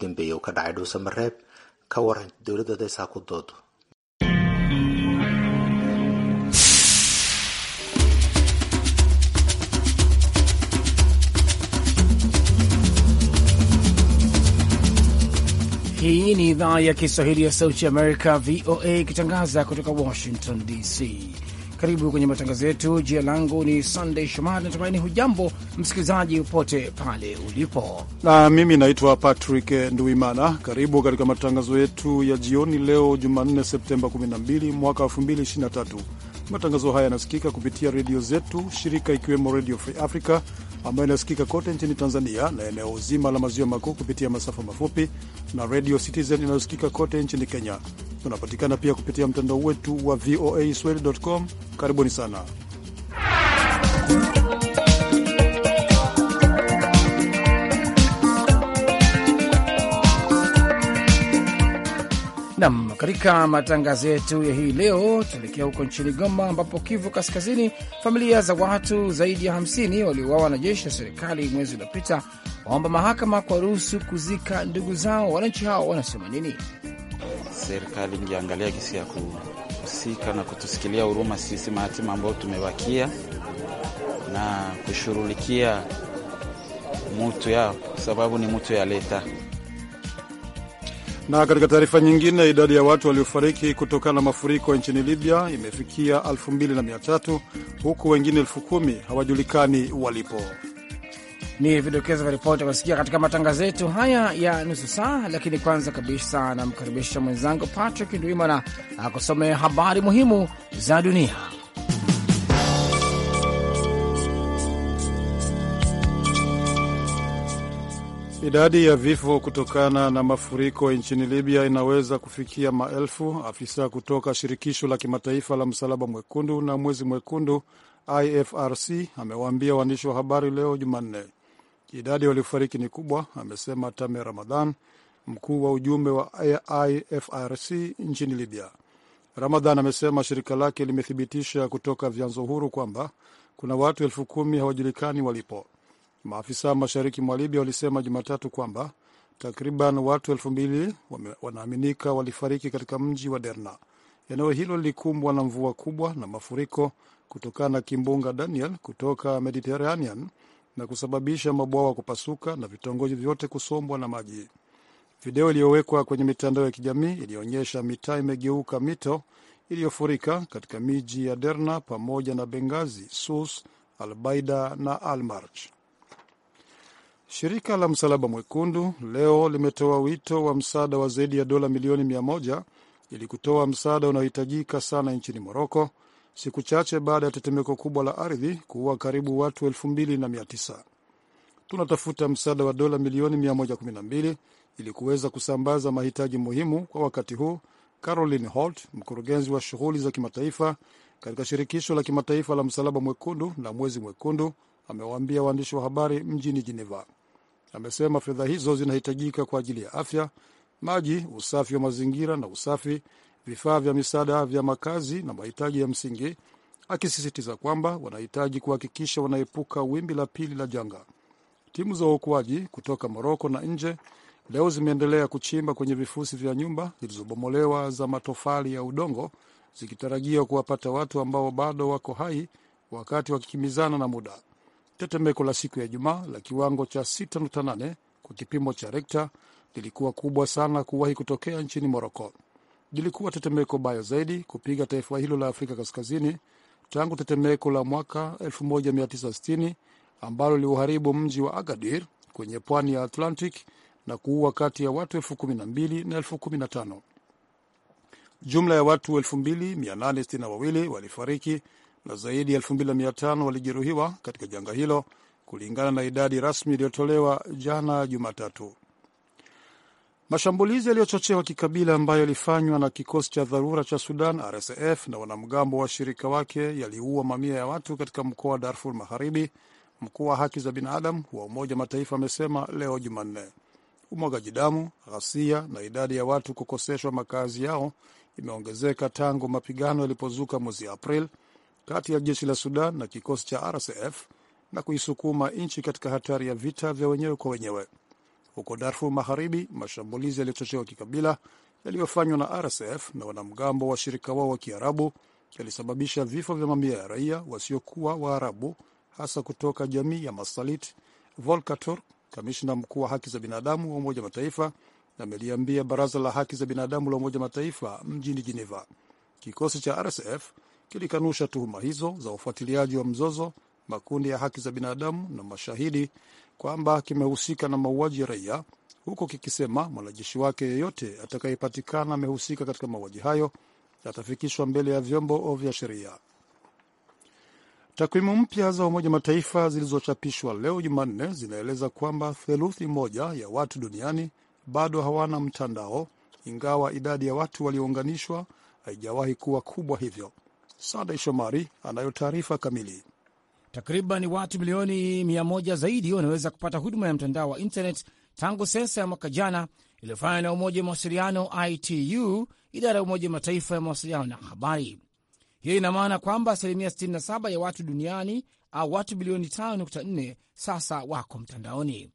dambeeye uu ka dhacay dhuuse mareeb ka waran dowladda daysaa ku doodo Hii ni idhaa ya Kiswahili ya Sauti ya Amerika, VOA, ikitangaza kutoka Washington DC. Karibu kwenye matangazo yetu. Jina langu ni Sunday Shomari, natumaini hujambo msikilizaji upote pale ulipo, na mimi naitwa Patrick Nduimana. Karibu katika matangazo yetu ya jioni leo Jumanne, Septemba 12 mwaka 2023. Matangazo haya yanasikika kupitia redio zetu shirika, ikiwemo Redio Free Africa ambayo inasikika kote nchini Tanzania na eneo zima la maziwa makuu kupitia masafa mafupi na Radio Citizen inayosikika kote nchini Kenya. Tunapatikana pia kupitia mtandao wetu wa VOA Swahili.com. Karibuni sana Nam, katika matangazo yetu ya hii leo tuelekea huko nchini Goma, ambapo Kivu Kaskazini, familia za watu zaidi ya 50 waliouawa na jeshi la serikali mwezi uliopita waomba mahakama kwa ruhusu kuzika ndugu zao. Wananchi hao wanasema nini? Serikali ingeangalia gisi ya kuhusika na kutusikilia huruma sisi mahatima ambao tumebakia na kushughulikia mutu yao, kwa sababu ni mutu ya leta na katika taarifa nyingine, idadi ya watu waliofariki kutokana na mafuriko nchini Libya imefikia 2300 huku wengine 10000 hawajulikani walipo. Ni vidokezo vya ripoti akusikia katika matangazo yetu haya ya nusu saa, lakini kwanza kabisa namkaribisha mwenzangu Patrick Ndwimana akusomea habari muhimu za dunia. Idadi ya vifo kutokana na mafuriko nchini Libya inaweza kufikia maelfu. Afisa kutoka shirikisho la kimataifa la Msalaba Mwekundu na Mwezi Mwekundu IFRC amewaambia waandishi wa habari leo Jumanne idadi waliofariki ni kubwa, amesema Tame Ramadhan, mkuu wa ujumbe wa IFRC nchini Libya. Ramadhan amesema shirika lake limethibitisha kutoka vyanzo huru kwamba kuna watu elfu kumi hawajulikani walipo. Maafisa mashariki mwa Libya walisema Jumatatu kwamba takriban watu elfu mbili wanaaminika walifariki katika mji wa Derna. Eneo hilo lilikumbwa na mvua kubwa na mafuriko kutokana na kimbunga Daniel kutoka Mediterranean na kusababisha mabwawa kupasuka na vitongoji vyote kusombwa na maji. Video iliyowekwa kwenye mitandao ya kijamii ilionyesha mitaa imegeuka mito iliyofurika katika miji ya Derna pamoja na Bengazi, Sus, Albaida na Almarch. Shirika la Msalaba Mwekundu leo limetoa wito wa msaada wa zaidi ya dola milioni mia moja ili kutoa msaada unaohitajika sana nchini Moroko, siku chache baada ya tetemeko kubwa la ardhi kuua karibu watu elfu mbili na mia tisa. Tunatafuta msaada wa dola milioni 112 ili kuweza kusambaza mahitaji muhimu kwa wakati huu, Caroline Holt, mkurugenzi wa shughuli za kimataifa katika shirikisho la kimataifa la msalaba mwekundu na mwezi mwekundu, amewaambia waandishi wa habari mjini Geneva. Amesema fedha hizo zinahitajika kwa ajili ya afya, maji, usafi wa mazingira na usafi, vifaa vya misaada vya makazi na mahitaji ya msingi, akisisitiza kwamba wanahitaji kuhakikisha wanaepuka wimbi la pili la janga. Timu za uokoaji kutoka Moroko na nje leo zimeendelea kuchimba kwenye vifusi vya nyumba zilizobomolewa za matofali ya udongo zikitarajia kuwapata watu ambao bado wako hai wakati wakikimizana na muda. Tetemeko la siku ya Ijumaa la kiwango cha 6.8 kwa kipimo cha Rekta lilikuwa kubwa sana kuwahi kutokea nchini Moroko. Lilikuwa tetemeko baya zaidi kupiga taifa hilo la Afrika Kaskazini tangu tetemeko la mwaka 1960 ambalo liuharibu mji wa Agadir kwenye pwani ya Atlantic na kuua kati ya watu elfu kumi na mbili na elfu kumi na tano. Jumla ya watu 2862 walifariki na zaidi ya 2500 walijeruhiwa katika janga hilo kulingana na idadi rasmi iliyotolewa jana Jumatatu. Mashambulizi yaliyochochewa kikabila ambayo yalifanywa na kikosi cha dharura cha Sudan RSF na wanamgambo washirika wake yaliua mamia ya watu katika mkoa wa Darfur Magharibi, mkuu wa haki za binadamu wa Umoja wa Mataifa amesema leo Jumanne. Umwagaji damu, ghasia na idadi ya watu kukoseshwa makazi yao imeongezeka tangu mapigano yalipozuka mwezi Aprili kati ya jeshi la Sudan na kikosi cha RSF na kuisukuma nchi katika hatari ya vita vya wenyewe kwa wenyewe. Huko Darfur Magharibi, mashambulizi yaliyochochewa kikabila yaliyofanywa na RSF na wanamgambo washirika wao wa Kiarabu yalisababisha vifo vya mamia ya raia wasiokuwa Waarabu, hasa kutoka jamii ya Masalit. Volkator, kamishna mkuu wa haki za binadamu wa Umoja Mataifa, ameliambia Baraza la Haki za Binadamu la Umoja Mataifa mjini Geneva. Kikosi cha RSF kilikanusha tuhuma hizo za ufuatiliaji wa mzozo, makundi ya haki za binadamu na mashahidi kwamba kimehusika na mauaji ya raia, huku kikisema mwanajeshi wake yeyote atakayepatikana amehusika katika mauaji hayo atafikishwa mbele ya vyombo vya sheria. Takwimu mpya za Umoja Mataifa zilizochapishwa leo Jumanne zinaeleza kwamba theluthi moja ya watu duniani bado hawana mtandao, ingawa idadi ya watu waliounganishwa haijawahi kuwa kubwa hivyo. Sandey Shomari anayo taarifa kamili. Takriban watu milioni mia moja zaidi wanaweza kupata huduma ya mtandao wa internet tangu sensa ya mwaka jana iliyofanywa na Umoja wa Mawasiliano itu idara ya Umoja Mataifa ya mawasiliano na habari. Hiyo ina maana kwamba asilimia 67 ya watu duniani au watu bilioni 5.4 sasa wako mtandaoni,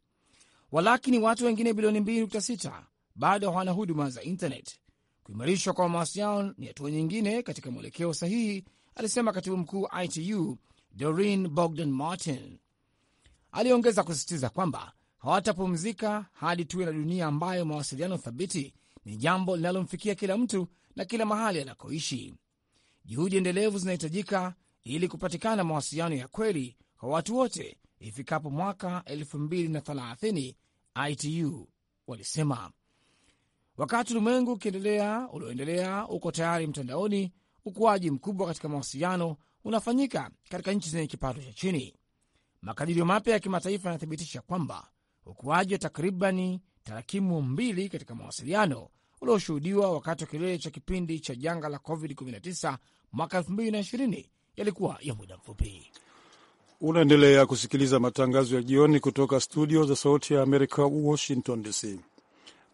walakini watu wengine bilioni 2.6 bado hawana huduma za internet. Kuimarishwa kwa mawasiliano ni hatua nyingine katika mwelekeo sahihi, alisema katibu mkuu ITU Doreen Bogdan Martin. Aliongeza kusisitiza kwamba hawatapumzika hadi tuwe na dunia ambayo mawasiliano thabiti ni jambo linalomfikia kila mtu na kila mahali anakoishi. Juhudi endelevu zinahitajika ili kupatikana mawasiliano ya kweli kwa watu wote ifikapo mwaka 2030, ITU walisema. Wakati ulimwengu ukiendelea ulioendelea uko tayari mtandaoni, ukuaji mkubwa katika mawasiliano unafanyika katika nchi zenye kipato cha chini. Makadirio mapya ya kimataifa yanathibitisha kwamba ukuaji wa takribani tarakimu mbili katika mawasiliano ulioshuhudiwa wakati wa kilele cha kipindi cha janga la COVID-19 mwaka 2020 yalikuwa ya muda mfupi. Unaendelea kusikiliza matangazo ya jioni kutoka studio za Sauti ya Amerika, Washington DC.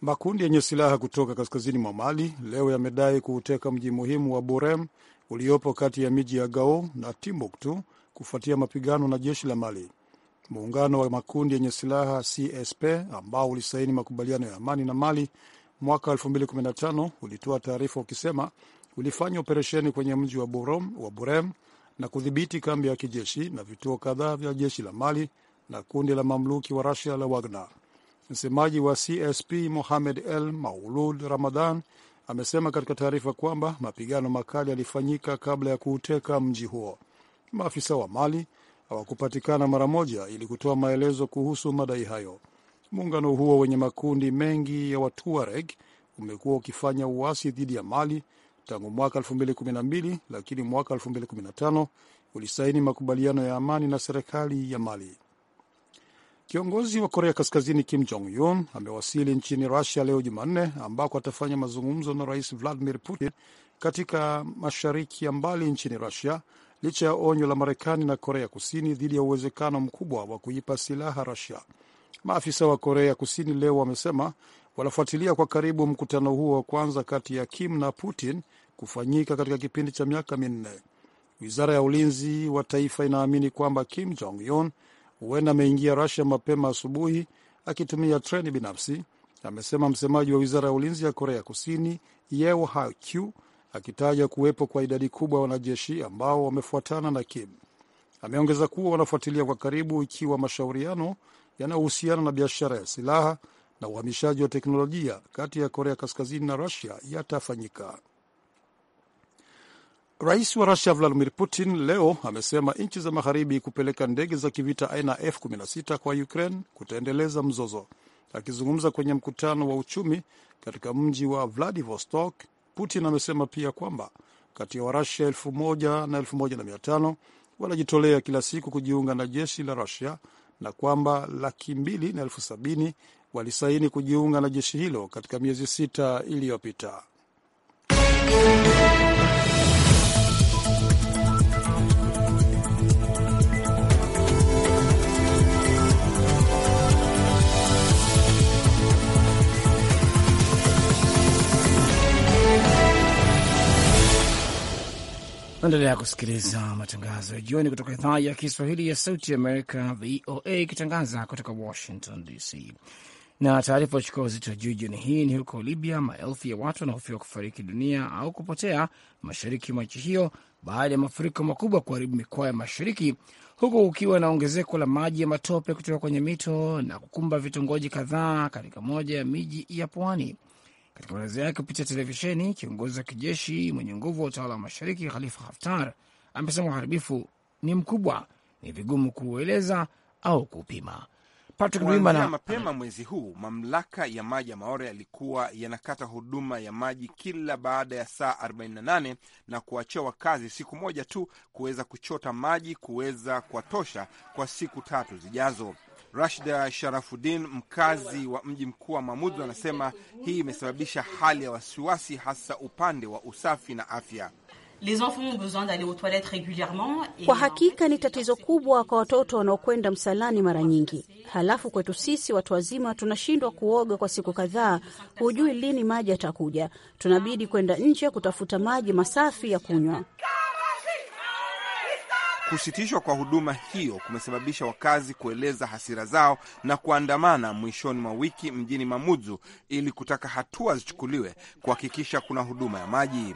Makundi yenye silaha kutoka kaskazini mwa Mali leo yamedai kuuteka mji muhimu wa Burem uliopo kati ya miji ya Gao na Timbuktu kufuatia mapigano na jeshi la Mali. Muungano wa makundi yenye silaha CSP ambao ulisaini makubaliano ya amani na Mali mwaka 2015 ulitoa taarifa ukisema ulifanya operesheni kwenye mji wa Burem, wa Burem na kudhibiti kambi ya kijeshi na vituo kadhaa vya jeshi la Mali na kundi la mamluki wa rasia la Wagner. Msemaji wa CSP Mohamed El Maulud Ramadan amesema katika taarifa kwamba mapigano makali yalifanyika kabla ya kuuteka mji huo. Maafisa wa Mali hawakupatikana mara moja ili kutoa maelezo kuhusu madai hayo. Muungano huo wenye makundi mengi ya Watuareg umekuwa ukifanya uasi dhidi ya Mali tangu mwaka 2012 lakini mwaka 2015 ulisaini makubaliano ya amani na serikali ya Mali. Kiongozi wa Korea Kaskazini Kim Jong Un amewasili nchini Rusia leo Jumanne, ambako atafanya mazungumzo na Rais Vladimir Putin katika mashariki ya mbali nchini Rusia, licha ya onyo la Marekani na Korea Kusini dhidi ya uwezekano mkubwa wa kuipa silaha Rusia. Maafisa wa Korea Kusini leo wamesema wanafuatilia kwa karibu mkutano huo wa kwanza kati ya Kim na Putin kufanyika katika kipindi cha miaka minne. Wizara ya ulinzi wa taifa inaamini kwamba Kim Jong Un huenda ameingia Rusia mapema asubuhi akitumia treni binafsi, amesema msemaji wa wizara ya ulinzi ya Korea Kusini Yeo ha akitaja kuwepo kwa idadi kubwa ya wanajeshi ambao wamefuatana na Kim. Ameongeza kuwa wanafuatilia kwa karibu ikiwa mashauriano yanayohusiana na biashara ya silaha na uhamishaji wa teknolojia kati ya Korea Kaskazini na Rusia yatafanyika. Rais wa Rusia Vladimir Putin leo amesema nchi za magharibi kupeleka ndege za kivita aina F16 kwa Ukraine kutaendeleza mzozo. Akizungumza kwenye mkutano wa uchumi katika mji wa Vladivostok, Putin amesema pia kwamba kati ya Warusia elfu moja na elfu moja na mia tano wanajitolea kila siku kujiunga na jeshi la Rusia na kwamba laki mbili na elfu sabini walisaini kujiunga na jeshi hilo katika miezi sita iliyopita. Naendelea kusikiliza matangazo ya jioni kutoka idhaa ya Kiswahili ya Sauti Amerika, VOA, ikitangaza kutoka Washington DC. Na taarifa uchukua uzito juu jioni hii ni huko Libya, maelfu ya watu wanahofiwa kufariki dunia au kupotea mashariki mwa nchi hiyo baada ya mafuriko makubwa kuharibu mikoa ya mashariki, huku kukiwa na ongezeko la maji ya matope kutoka kwenye mito na kukumba vitongoji kadhaa katika moja ya miji ya pwani. Katika maelezo yake kupitia televisheni, kiongozi wa kijeshi mwenye nguvu wa utawala wa mashariki Khalifa Haftar amesema uharibifu ni mkubwa, ni vigumu kuueleza au kuupima. Kuanzia mapema mwezi huu mamlaka ya maji ya Maore yalikuwa yanakata huduma ya maji kila baada ya saa 48 na kuachia wakazi siku moja tu kuweza kuchota maji kuweza kuwatosha kwa siku tatu zijazo. Rashida Sharafudin, mkazi wa mji mkuu wa Mamudhu, anasema hii imesababisha hali ya wasiwasi, hasa upande wa usafi na afya. Kwa hakika ni tatizo kubwa kwa watoto wanaokwenda msalani mara nyingi, halafu kwetu sisi watu wazima tunashindwa kuoga kwa siku kadhaa. Hujui lini maji yatakuja, tunabidi kwenda nje kutafuta maji masafi ya kunywa. Kusitishwa kwa huduma hiyo kumesababisha wakazi kueleza hasira zao na kuandamana mwishoni mwa wiki mjini Mamudzu ili kutaka hatua zichukuliwe kuhakikisha kuna huduma ya maji.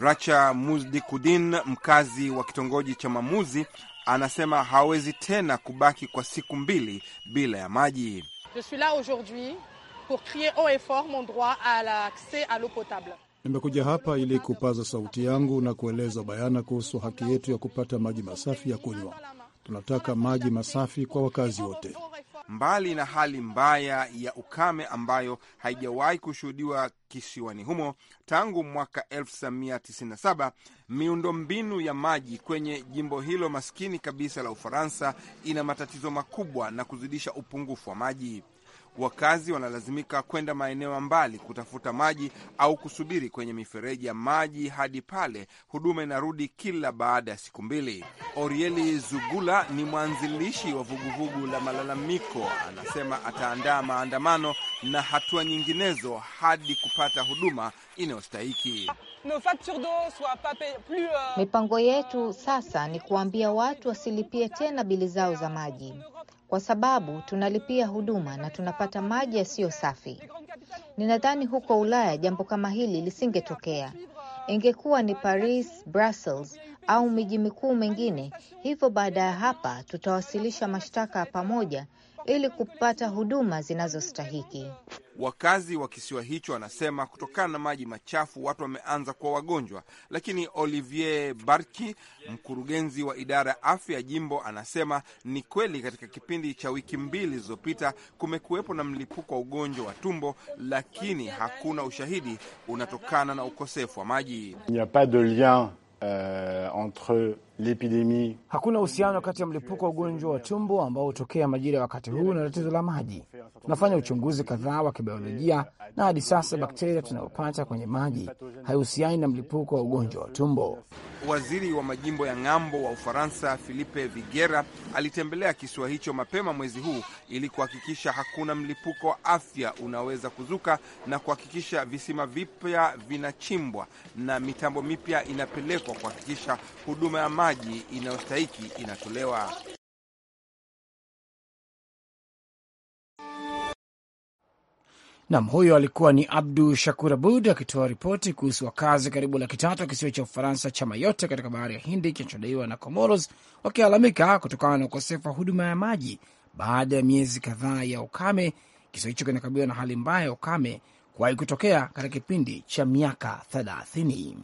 Racha Muzdikudin, mkazi wa kitongoji cha Mamuzi, anasema hawezi tena kubaki kwa siku mbili bila ya maji. Je suis la aujourd'hui pour crier haut et fort mon droit à l'acces à l'eau potable. Nimekuja hapa ili kupaza sauti yangu na kueleza bayana kuhusu haki yetu ya kupata maji masafi ya kunywa. Tunataka maji masafi kwa wakazi wote. Mbali na hali mbaya ya ukame ambayo haijawahi kushuhudiwa kisiwani humo tangu mwaka 1997, mbinu ya maji kwenye jimbo hilo maskini kabisa la Ufaransa ina matatizo makubwa na kuzidisha upungufu wa maji wakazi wanalazimika kwenda maeneo ya mbali kutafuta maji au kusubiri kwenye mifereji ya maji hadi pale huduma inarudi kila baada ya siku mbili. Orieli Zugula ni mwanzilishi wa vuguvugu la malalamiko, anasema ataandaa maandamano na hatua nyinginezo hadi kupata huduma inayostahiki. Euh, Mipango yetu sasa ni kuambia watu wasilipie tena bili zao za maji kwa sababu tunalipia huduma na tunapata maji yasiyo safi. Ninadhani huko Ulaya jambo kama hili lisingetokea, ingekuwa ni Paris, Brussels au miji mikuu mengine. Hivyo baada ya hapa tutawasilisha mashtaka pamoja ili kupata huduma zinazostahiki. Wakazi wa kisiwa hicho wanasema kutokana na maji machafu watu wameanza kuwa wagonjwa, lakini Olivier Barki, mkurugenzi wa idara ya afya ya jimbo, anasema ni kweli katika kipindi cha wiki mbili zilizopita kumekuwepo na mlipuko wa ugonjwa wa tumbo, lakini hakuna ushahidi unatokana na ukosefu wa maji. Il n'y a pas de lien, uh, entre Hakuna uhusiano kati ya mlipuko wa ugonjwa wa tumbo ambao hutokea majira ya wakati huu na tatizo la maji. Tunafanya uchunguzi kadhaa wa kibiolojia, na hadi sasa bakteria tunayopata kwenye maji haihusiani na mlipuko wa ugonjwa wa tumbo. Waziri wa majimbo ya ng'ambo wa Ufaransa Philippe Vigera alitembelea kisiwa hicho mapema mwezi huu ili kuhakikisha hakuna mlipuko wa afya unaweza kuzuka na kuhakikisha visima vipya vinachimbwa na mitambo mipya inapelekwa kuhakikisha huduma ya maji maji inayostahiki inatolewa. Nam, huyo alikuwa ni Abdu Shakur Abud akitoa ripoti kuhusu wakazi karibu laki tatu wa kisiwa cha Ufaransa cha Mayotte katika bahari ya Hindi kinachodaiwa na Comoros wakilalamika kutokana na ukosefu wa huduma ya maji baada ya miezi kadhaa ya ukame. Kisiwa hicho kinakabiliwa na hali mbaya ya ukame kuwahi kutokea katika kipindi cha miaka thelathini.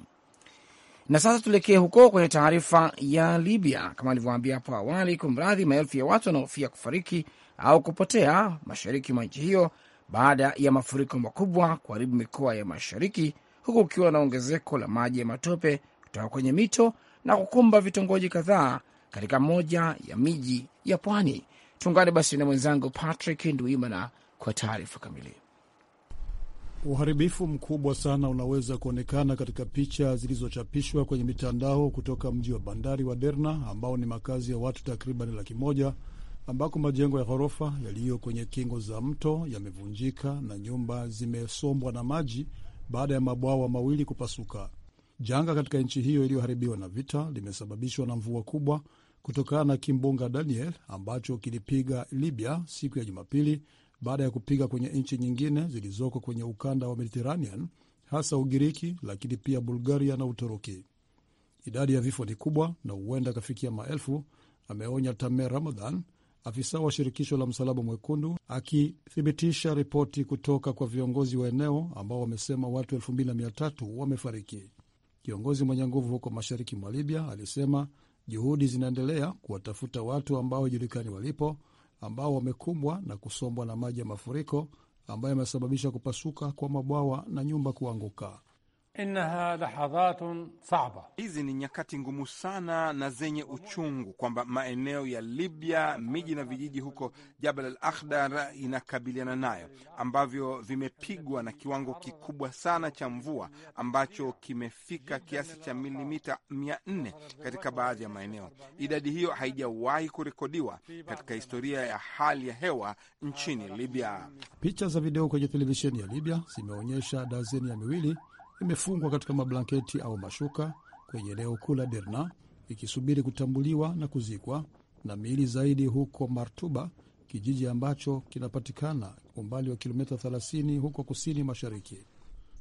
Na sasa tuelekee huko kwenye taarifa ya Libya. Kama alivyoambia hapo awali, kumradhi, maelfu ya watu wanaofia kufariki au kupotea mashariki mwa nchi hiyo baada ya mafuriko makubwa kuharibu mikoa ya mashariki, huku ukiwa na ongezeko la maji ya matope kutoka kwenye mito na kukumba vitongoji kadhaa katika moja ya miji ya pwani. Tuungane basi na mwenzangu Patrick Ndwimana kwa taarifa kamili. Uharibifu mkubwa sana unaweza kuonekana katika picha zilizochapishwa kwenye mitandao kutoka mji wa bandari wa Derna ambao ni makazi ya watu takriban laki moja ambako majengo ya ghorofa yaliyo kwenye kingo za mto yamevunjika na nyumba zimesombwa na maji baada ya mabwawa mawili kupasuka. Janga katika nchi hiyo iliyoharibiwa na vita limesababishwa na mvua kubwa kutokana na kimbunga Daniel ambacho kilipiga Libya siku ya Jumapili baada ya kupiga kwenye nchi nyingine zilizoko kwenye ukanda wa Mediteranean, hasa Ugiriki, lakini pia Bulgaria na Uturuki. Idadi ya vifo ni kubwa na huenda akafikia maelfu, ameonya Tamer Ramadhan, afisa wa shirikisho la Msalaba Mwekundu, akithibitisha ripoti kutoka kwa viongozi wa eneo ambao wamesema watu 2300 wamefariki. Kiongozi mwenye nguvu huko mashariki mwa Libya alisema juhudi zinaendelea kuwatafuta watu ambao hawajulikani walipo ambao wamekumbwa na kusombwa na maji ya mafuriko ambayo yamesababisha kupasuka kwa mabwawa na nyumba kuanguka. Innaha lahadhatun saba, hizi ni nyakati ngumu sana na zenye uchungu, kwamba maeneo ya Libya, miji na vijiji huko Jabal al Akhdar inakabiliana nayo, ambavyo vimepigwa na kiwango kikubwa sana cha mvua ambacho kimefika kiasi cha milimita mia nne katika baadhi ya maeneo. Idadi hiyo haijawahi kurekodiwa katika historia ya hali ya hewa nchini Libya. Picha za video kwenye televisheni ya Libya zimeonyesha dazeni ya miwili imefungwa katika mablanketi au mashuka kwenye eneo kuu la Derna ikisubiri kutambuliwa na kuzikwa, na miili zaidi huko Martuba, kijiji ambacho kinapatikana umbali wa kilomita 30 huko kusini mashariki.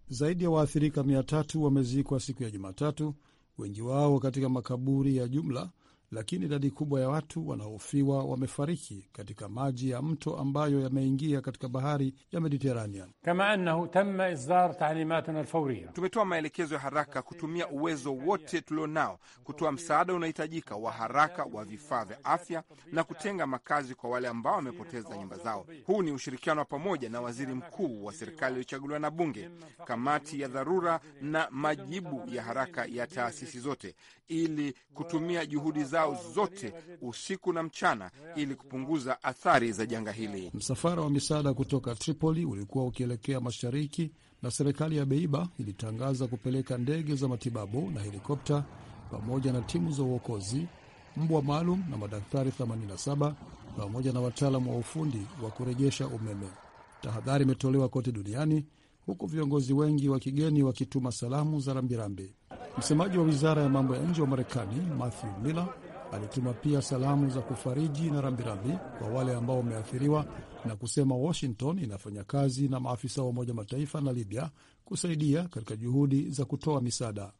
Zaidi ya waathirika 300 wamezikwa siku ya Jumatatu, wengi wao katika makaburi ya jumla lakini idadi kubwa ya watu wanaohofiwa wamefariki katika maji ya mto ambayo yameingia katika bahari ya mediteranean kama annahu tama isdar taalimatuna lfauria tumetoa maelekezo ya haraka kutumia uwezo wote tulionao kutoa msaada unaohitajika wa haraka wa vifaa vya afya na kutenga makazi kwa wale ambao wamepoteza nyumba zao. Huu ni ushirikiano wa pamoja na waziri mkuu wa serikali iliyochaguliwa na bunge, kamati ya dharura na majibu ya haraka ya taasisi zote, ili kutumia juhudi zao zao zote usiku na mchana ili kupunguza athari za janga hili. Msafara wa misaada kutoka Tripoli ulikuwa ukielekea mashariki na serikali ya Beiba ilitangaza kupeleka ndege za matibabu na helikopta pamoja na timu za uokozi, mbwa maalum na madaktari 87 pamoja na wataalamu wa ufundi wa kurejesha umeme. Tahadhari imetolewa kote duniani huku viongozi wengi wa kigeni wakituma salamu za rambirambi. Msemaji wa wizara ya mambo ya nje wa Marekani Matthew Miller Alituma pia salamu za kufariji na rambirambi kwa wale ambao wameathiriwa na kusema Washington inafanya kazi na maafisa wa Umoja Mataifa na Libya kusaidia katika juhudi za kutoa misaada.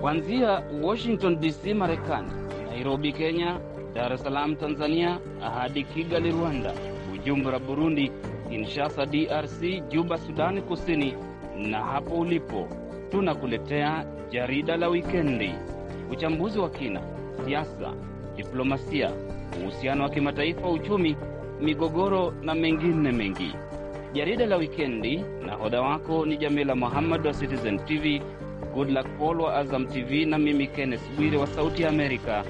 Kuanzia Washington DC, Marekani, Nairobi, Kenya, Dar es Salaam, Tanzania, hadi Kigali, Rwanda, Bujumbura, Burundi, Kinshasa, DRC, Juba, Sudani Kusini, na hapo ulipo tunakuletea jarida la wikendi uchambuzi wa kina, siasa, diplomasia, uhusiano wa kimataifa, uchumi, migogoro na mengine mengi. Jarida la wikendi, nahodha wako ni Jamila Muhammad wa Citizen TV, Goodluck Paul wa Azam TV na mimi Kenneth Bwire wa Sauti ya Amerika,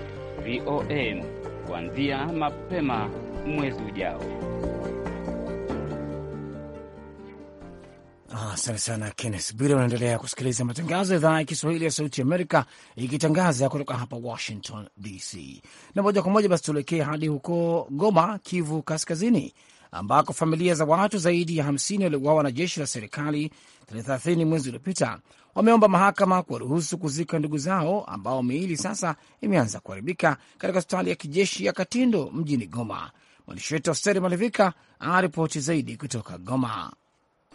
VOA, kuanzia mapema mwezi ujao. Asante sana Kennes Bwire. Unaendelea kusikiliza matangazo ya idhaa ya Kiswahili ya Sauti Amerika ikitangaza kutoka hapa Washington DC, na moja kwa moja basi tuelekee hadi huko Goma, Kivu Kaskazini, ambako familia za watu zaidi ya 50 waliouawa na jeshi la serikali tarehe 30 mwezi uliopita wameomba mahakama kuwaruhusu kuzika ndugu zao ambao miili sasa imeanza kuharibika katika hospitali ya kijeshi ya Katindo mjini Goma. Mwandishi wetu Osteri Malivika anaripoti zaidi kutoka Goma.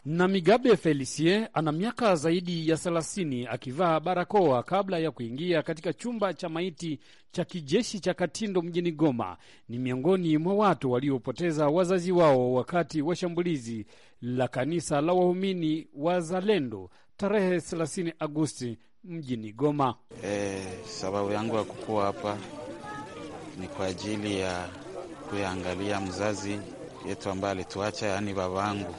Na Migabe Felicien ana miaka zaidi ya thelathini akivaa barakoa kabla ya kuingia katika chumba cha maiti cha kijeshi cha Katindo mjini Goma. Ni miongoni mwa watu waliopoteza wazazi wao wakati wa shambulizi la kanisa la waumini wa zalendo tarehe 30 Agosti mjini Goma. Eh, sababu yangu ya kukuwa hapa ni kwa ajili ya kuyaangalia mzazi yetu ambaye alituacha, yaani yangu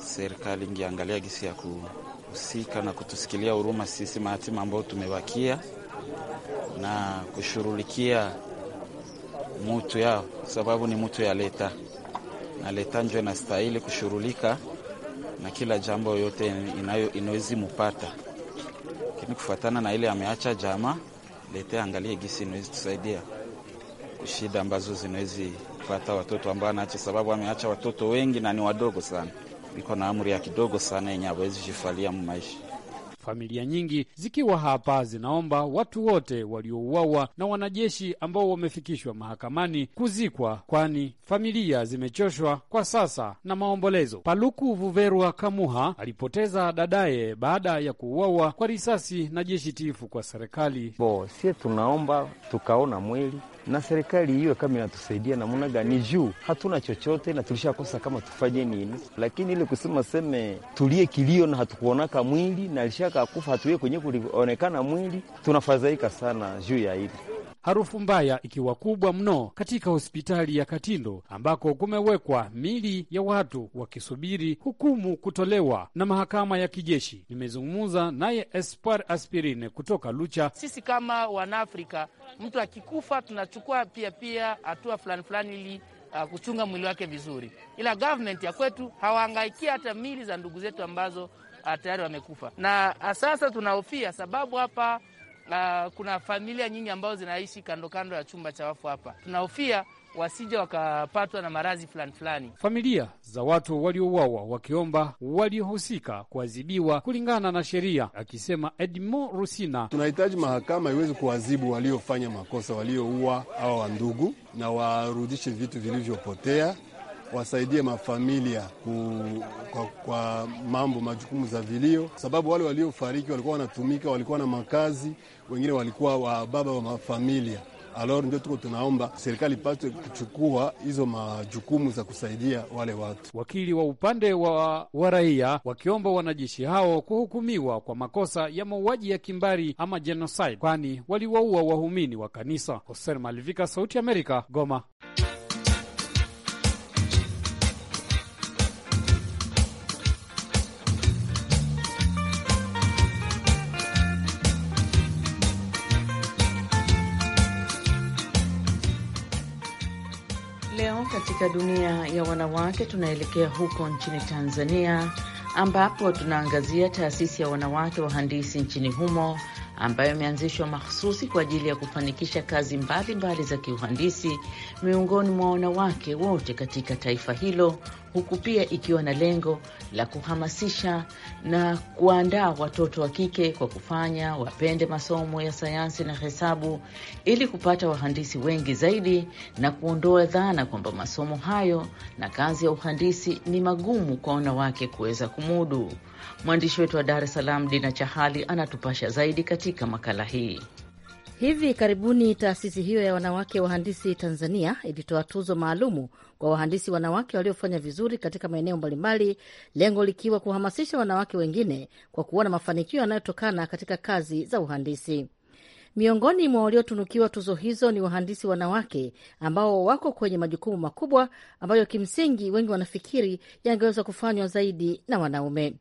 Serikali ingeangalia gisi ya kuhusika na kutusikilia huruma sisi mahatima ambao tumebakia na kushughulikia mutu yao, sababu ni mutu ya leta na leta njo inastahili kushughulika na kila jambo yote inawezi mupata, lakini kufuatana na ile ameacha jamaa, leta angalie gisi inawezi tusaidia kushida ambazo zinawezi pata watoto ambao anaacha, sababu ameacha watoto wengi na ni wadogo sana iko na amri ya kidogo sana yenye hawezi jifalia mmaisha. Familia nyingi zikiwa hapa zinaomba watu wote waliouawa na wanajeshi ambao wamefikishwa mahakamani kuzikwa, kwani familia zimechoshwa kwa sasa na maombolezo. Paluku Vuverwa Kamuha alipoteza dadaye baada ya kuuawa kwa risasi na jeshi tifu kwa serikali. Bo sie tunaomba tukaona mwili na serikali hiyo kama inatusaidia namna gani, juu hatuna chochote na tulishakosa kama tufanye nini. Lakini ile kusema seme tulie kilio na hatukuonaka mwili na alishaka kufa hatuye kwenye kulionekana mwili, tunafadhaika sana juu ya hili harufu mbaya ikiwa kubwa mno katika hospitali ya Katindo ambako kumewekwa mili ya watu wakisubiri hukumu kutolewa na mahakama ya kijeshi. Nimezungumza naye Espoir Aspirine kutoka Lucha. Sisi kama Wanaafrika, mtu akikufa tunachukua pia pia hatua fulani fulani ili uh, kuchunga mwili wake vizuri, ila government ya kwetu hawaangaikia hata mili za ndugu zetu ambazo uh, tayari wamekufa, na uh, sasa tunahofia sababu hapa Uh, kuna familia nyingi ambazo zinaishi kando kando ya chumba cha wafu hapa. Tunahofia wasije wakapatwa na maradhi fulani fulani. Familia za watu waliouawa wakiomba waliohusika kuadhibiwa kulingana na sheria, akisema Edmond Rusina. Tunahitaji mahakama iweze kuadhibu waliofanya makosa, walioua hawa wandugu, na warudishe vitu vilivyopotea, wasaidie mafamilia ku, kwa, kwa mambo majukumu za vilio, sababu wale waliofariki walikuwa wanatumika, walikuwa na makazi wengine walikuwa wa baba wa mafamilia alor ndio tuko tunaomba serikali ipate kuchukua hizo majukumu za kusaidia wale watu. Wakili wa upande wa raia wakiomba wanajeshi hao kuhukumiwa kwa makosa ya mauaji ya kimbari ama genocide, kwani waliwaua waumini wa kanisa. Hosen Malivika, Sauti Amerika, Goma. katika dunia ya wanawake, tunaelekea huko nchini Tanzania ambapo tunaangazia taasisi ya wanawake wahandisi nchini humo ambayo imeanzishwa makhususi kwa ajili ya kufanikisha kazi mbalimbali mbali za kiuhandisi miongoni mwa wanawake wote katika taifa hilo huku pia ikiwa na lengo la kuhamasisha na kuwaandaa watoto wa kike kwa kufanya wapende masomo ya sayansi na hesabu ili kupata wahandisi wengi zaidi na kuondoa dhana kwamba masomo hayo na kazi ya uhandisi ni magumu kwa wanawake kuweza kumudu. Mwandishi wetu wa Dar es Salaam, Dina Chahali, anatupasha zaidi katika makala hii. Hivi karibuni taasisi hiyo ya wanawake wahandisi Tanzania ilitoa tuzo maalumu kwa wahandisi wanawake waliofanya vizuri katika maeneo mbalimbali, lengo likiwa kuhamasisha wanawake wengine kwa kuona mafanikio yanayotokana katika kazi za uhandisi. Miongoni mwa waliotunukiwa tuzo hizo ni wahandisi wanawake ambao wako kwenye majukumu makubwa ambayo kimsingi wengi wanafikiri yangeweza kufanywa zaidi na wanaume.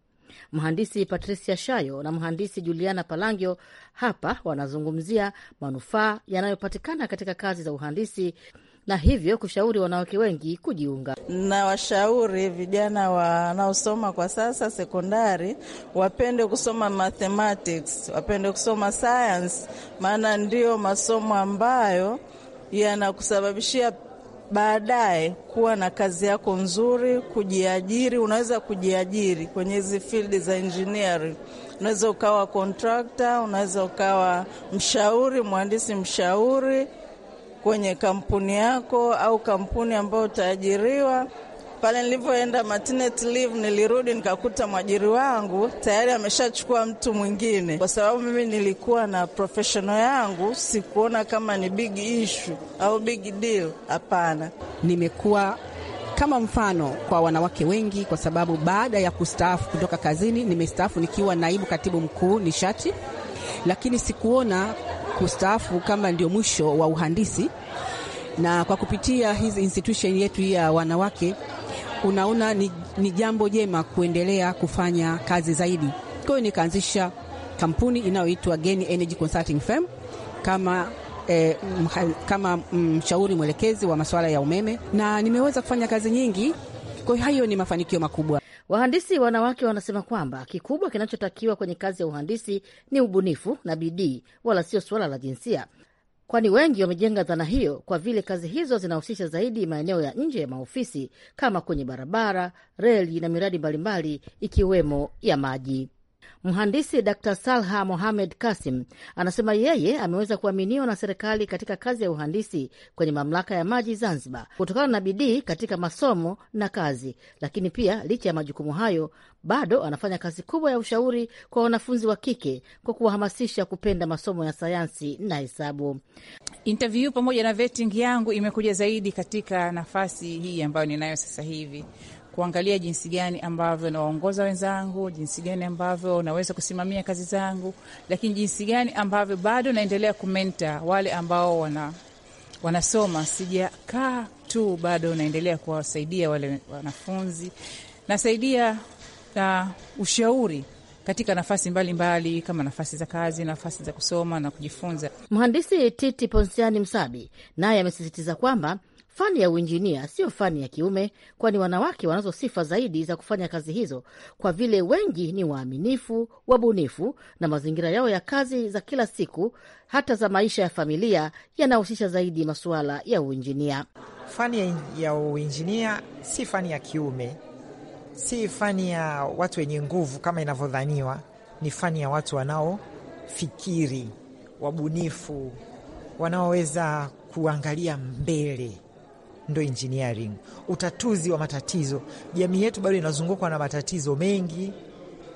Mhandisi Patricia Shayo na mhandisi Juliana Palangio hapa wanazungumzia manufaa yanayopatikana katika kazi za uhandisi na hivyo kushauri wanawake wengi kujiunga. Nawashauri vijana wanaosoma kwa sasa sekondari, wapende kusoma mathematics, wapende kusoma science, maana ndiyo masomo ambayo yanakusababishia baadaye kuwa na kazi yako nzuri, kujiajiri. Unaweza kujiajiri kwenye hizi field za engineering, unaweza ukawa kontrakta, unaweza ukawa mshauri, mhandisi mshauri kwenye kampuni yako au kampuni ambayo utaajiriwa. Pale nilivyoenda maternity leave, nilirudi nikakuta mwajiri wangu tayari ameshachukua mtu mwingine, kwa sababu mimi nilikuwa na professional yangu, sikuona kama ni big issue au big deal. Hapana, nimekuwa kama mfano kwa wanawake wengi, kwa sababu baada ya kustaafu kutoka kazini, nimestaafu nikiwa naibu katibu mkuu nishati, lakini sikuona kustaafu kama ndio mwisho wa uhandisi, na kwa kupitia hizi institution yetu ya wanawake unaona ni, ni jambo jema kuendelea kufanya kazi zaidi. Kwa hiyo nikaanzisha kampuni inayoitwa Geni Energy Consulting Firm kama E, kama mm, mshauri mwelekezi wa masuala ya umeme na nimeweza kufanya kazi nyingi. Kwa hiyo hayo ni mafanikio makubwa. Wahandisi wanawake wanasema kwamba kikubwa kinachotakiwa kwenye kazi ya uhandisi ni ubunifu na bidii, wala sio suala la jinsia, kwani wengi wamejenga dhana hiyo kwa vile kazi hizo zinahusisha zaidi maeneo ya nje ya maofisi kama kwenye barabara, reli na miradi mbalimbali ikiwemo ya maji. Mhandisi Dr Salha Mohamed Kasim anasema yeye ameweza kuaminiwa na serikali katika kazi ya uhandisi kwenye mamlaka ya maji Zanzibar kutokana na bidii katika masomo na kazi, lakini pia licha ya majukumu hayo bado anafanya kazi kubwa ya ushauri kwa wanafunzi wa kike kwa kuwahamasisha kupenda masomo ya sayansi na hesabu. Interview pamoja na vetting yangu imekuja zaidi katika nafasi hii ambayo ninayo sasa hivi kuangalia jinsi gani ambavyo nawaongoza wenzangu, jinsi gani ambavyo naweza kusimamia kazi zangu, lakini jinsi gani ambavyo bado naendelea kumenta wale ambao wana wanasoma. Sijakaa tu, bado naendelea kuwasaidia wale wanafunzi, nasaidia na ushauri katika nafasi mbalimbali mbali, kama nafasi za kazi, nafasi za kusoma na kujifunza. Mhandisi Titi Ponsiani Msabi naye amesisitiza kwamba Fani ya uinjinia siyo fani ya kiume, kwani wanawake wanazo sifa zaidi za kufanya kazi hizo, kwa vile wengi ni waaminifu, wabunifu, na mazingira yao ya kazi za kila siku, hata za maisha ya familia, yanahusisha zaidi masuala ya uinjinia. Fani ya uinjinia si fani ya kiume, si fani ya watu wenye nguvu kama inavyodhaniwa. Ni fani ya watu wanaofikiri, wabunifu, wanaoweza kuangalia mbele ndo engineering, utatuzi wa matatizo. Jamii yetu bado inazungukwa na matatizo mengi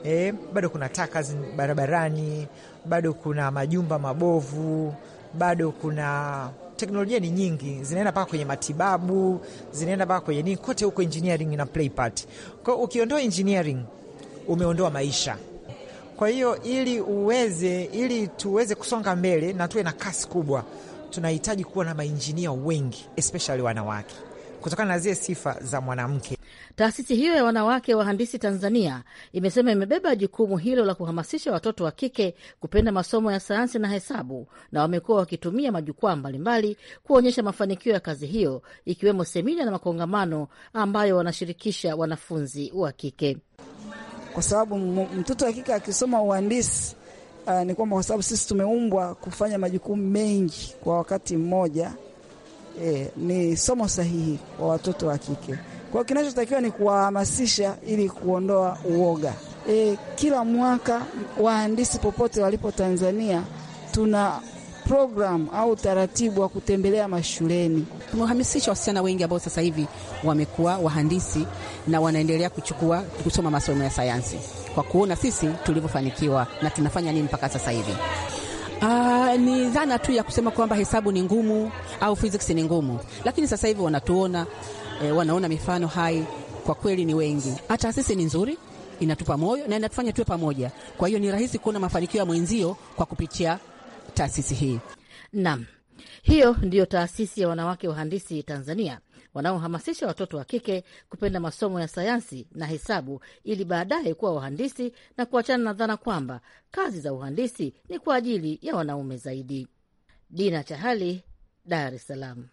eh, bado kuna taka barabarani, bado kuna majumba mabovu, bado kuna teknolojia ni nyingi, zinaenda mpaka kwenye matibabu, zinaenda mpaka kwenye nini, kote huko engineering ina play part. Kwa hiyo ukiondoa engineering umeondoa maisha. Kwa hiyo ili uweze, ili tuweze kusonga mbele na tuwe na kasi kubwa tunahitaji kuwa na mainjinia wengi especially wanawake kutokana na zile sifa za mwanamke. Taasisi hiyo ya wanawake wahandisi Tanzania imesema imebeba jukumu hilo la kuhamasisha watoto wa kike kupenda masomo ya sayansi na hesabu, na wamekuwa wakitumia majukwaa mbalimbali kuonyesha mafanikio ya kazi hiyo, ikiwemo semina na makongamano ambayo wanashirikisha wanafunzi wa kike, kwa sababu mtoto wa kike akisoma uhandisi uh, ni kwamba kwa sababu sisi tumeumbwa kufanya majukumu mengi kwa wakati mmoja eh, ni somo sahihi kwa watoto wa kike. Kwa kinachotakiwa ni kuwahamasisha ili kuondoa uoga. Eh, kila mwaka wahandisi popote walipo Tanzania tuna program au utaratibu wa kutembelea mashuleni. Tumewahamasisha wasichana wengi ambao sasa hivi wamekuwa wahandisi na wanaendelea kuchukua kusoma masomo ya sayansi kwa kuona sisi tulivyofanikiwa na tunafanya nini mpaka sasa hivi. Aa, ah, ni dhana tu ya kusema kwamba hesabu ni ngumu au physics ni ngumu, lakini sasa hivi wanatuona e, wanaona mifano hai, kwa kweli ni wengi. Hata sisi ni nzuri, inatupa moyo na inatufanya tuwe pamoja. Kwa hiyo ni rahisi kuona mafanikio ya mwenzio kwa kupitia taasisi hii. Naam, hiyo ndiyo taasisi ya wanawake wahandisi Tanzania wanaohamasisha watoto wa kike kupenda masomo ya sayansi na hesabu ili baadaye kuwa wahandisi na kuachana na dhana kwamba kazi za uhandisi ni kwa ajili ya wanaume zaidi. Dina Chahali, Dar es Salaam.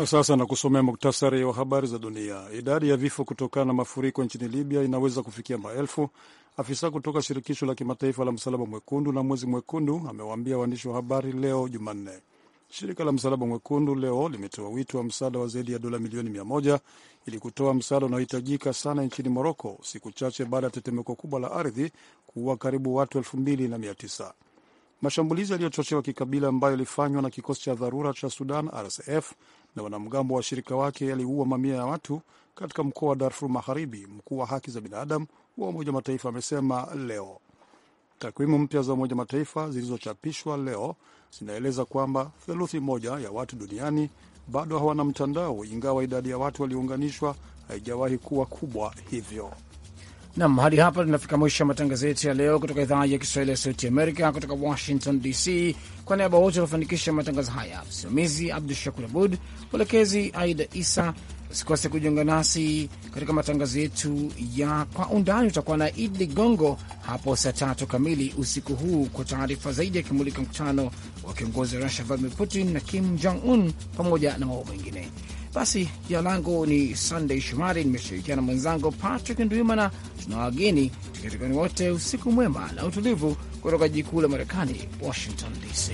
Na sasa na kusomea muktasari wa habari za dunia. Idadi ya vifo kutokana na mafuriko nchini Libya inaweza kufikia maelfu. Afisa kutoka shirikisho la kimataifa la Msalaba Mwekundu na Mwezi Mwekundu amewaambia waandishi wa habari leo Jumanne. Shirika la Msalaba Mwekundu leo limetoa wito wa msaada wa zaidi ya dola milioni mia moja ili kutoa msaada unaohitajika sana nchini Moroko, siku chache baada ya tetemeko kubwa la ardhi kuua karibu watu elfu mbili na mia tisa. Mashambulizi yaliyochochewa kikabila ambayo yalifanywa na kikosi cha dharura cha Sudan, RSF, na wanamgambo wa washirika wake yaliua mamia ya watu katika mkoa wa Darfur Magharibi, mkuu wa haki za binadamu wa Umoja Mataifa amesema leo. Takwimu mpya za Umoja Mataifa zilizochapishwa leo zinaeleza kwamba theluthi moja ya watu duniani bado hawana mtandao, ingawa idadi ya watu waliounganishwa haijawahi kuwa kubwa hivyo. Nam, hadi hapa tunafika mwisho wa matangazo yetu ya leo kutoka idhaa ya Kiswahili ya Sauti Amerika kutoka Washington DC. Kwa niaba wote waliofanikisha matangazo haya, msimamizi Abdu Shakur Abud, mwelekezi Aida Isa. Usikose kujiunga nasi katika matangazo yetu ya Kwa Undani. Utakuwa na Idi Ligongo hapo saa tatu kamili usiku huu kwa taarifa zaidi, akimulika mkutano wa kiongozi wa Rusia Vladimir Putin na Kim Jong Un pamoja na mambo mengine. Basi jina langu ni Sunday Shomari, nimeshirikiana mwenzangu Patrick Ndwimana. Tuna wageni tukiatikani wote usiku mwema na utulivu kutoka jikuu la Marekani, Washington DC.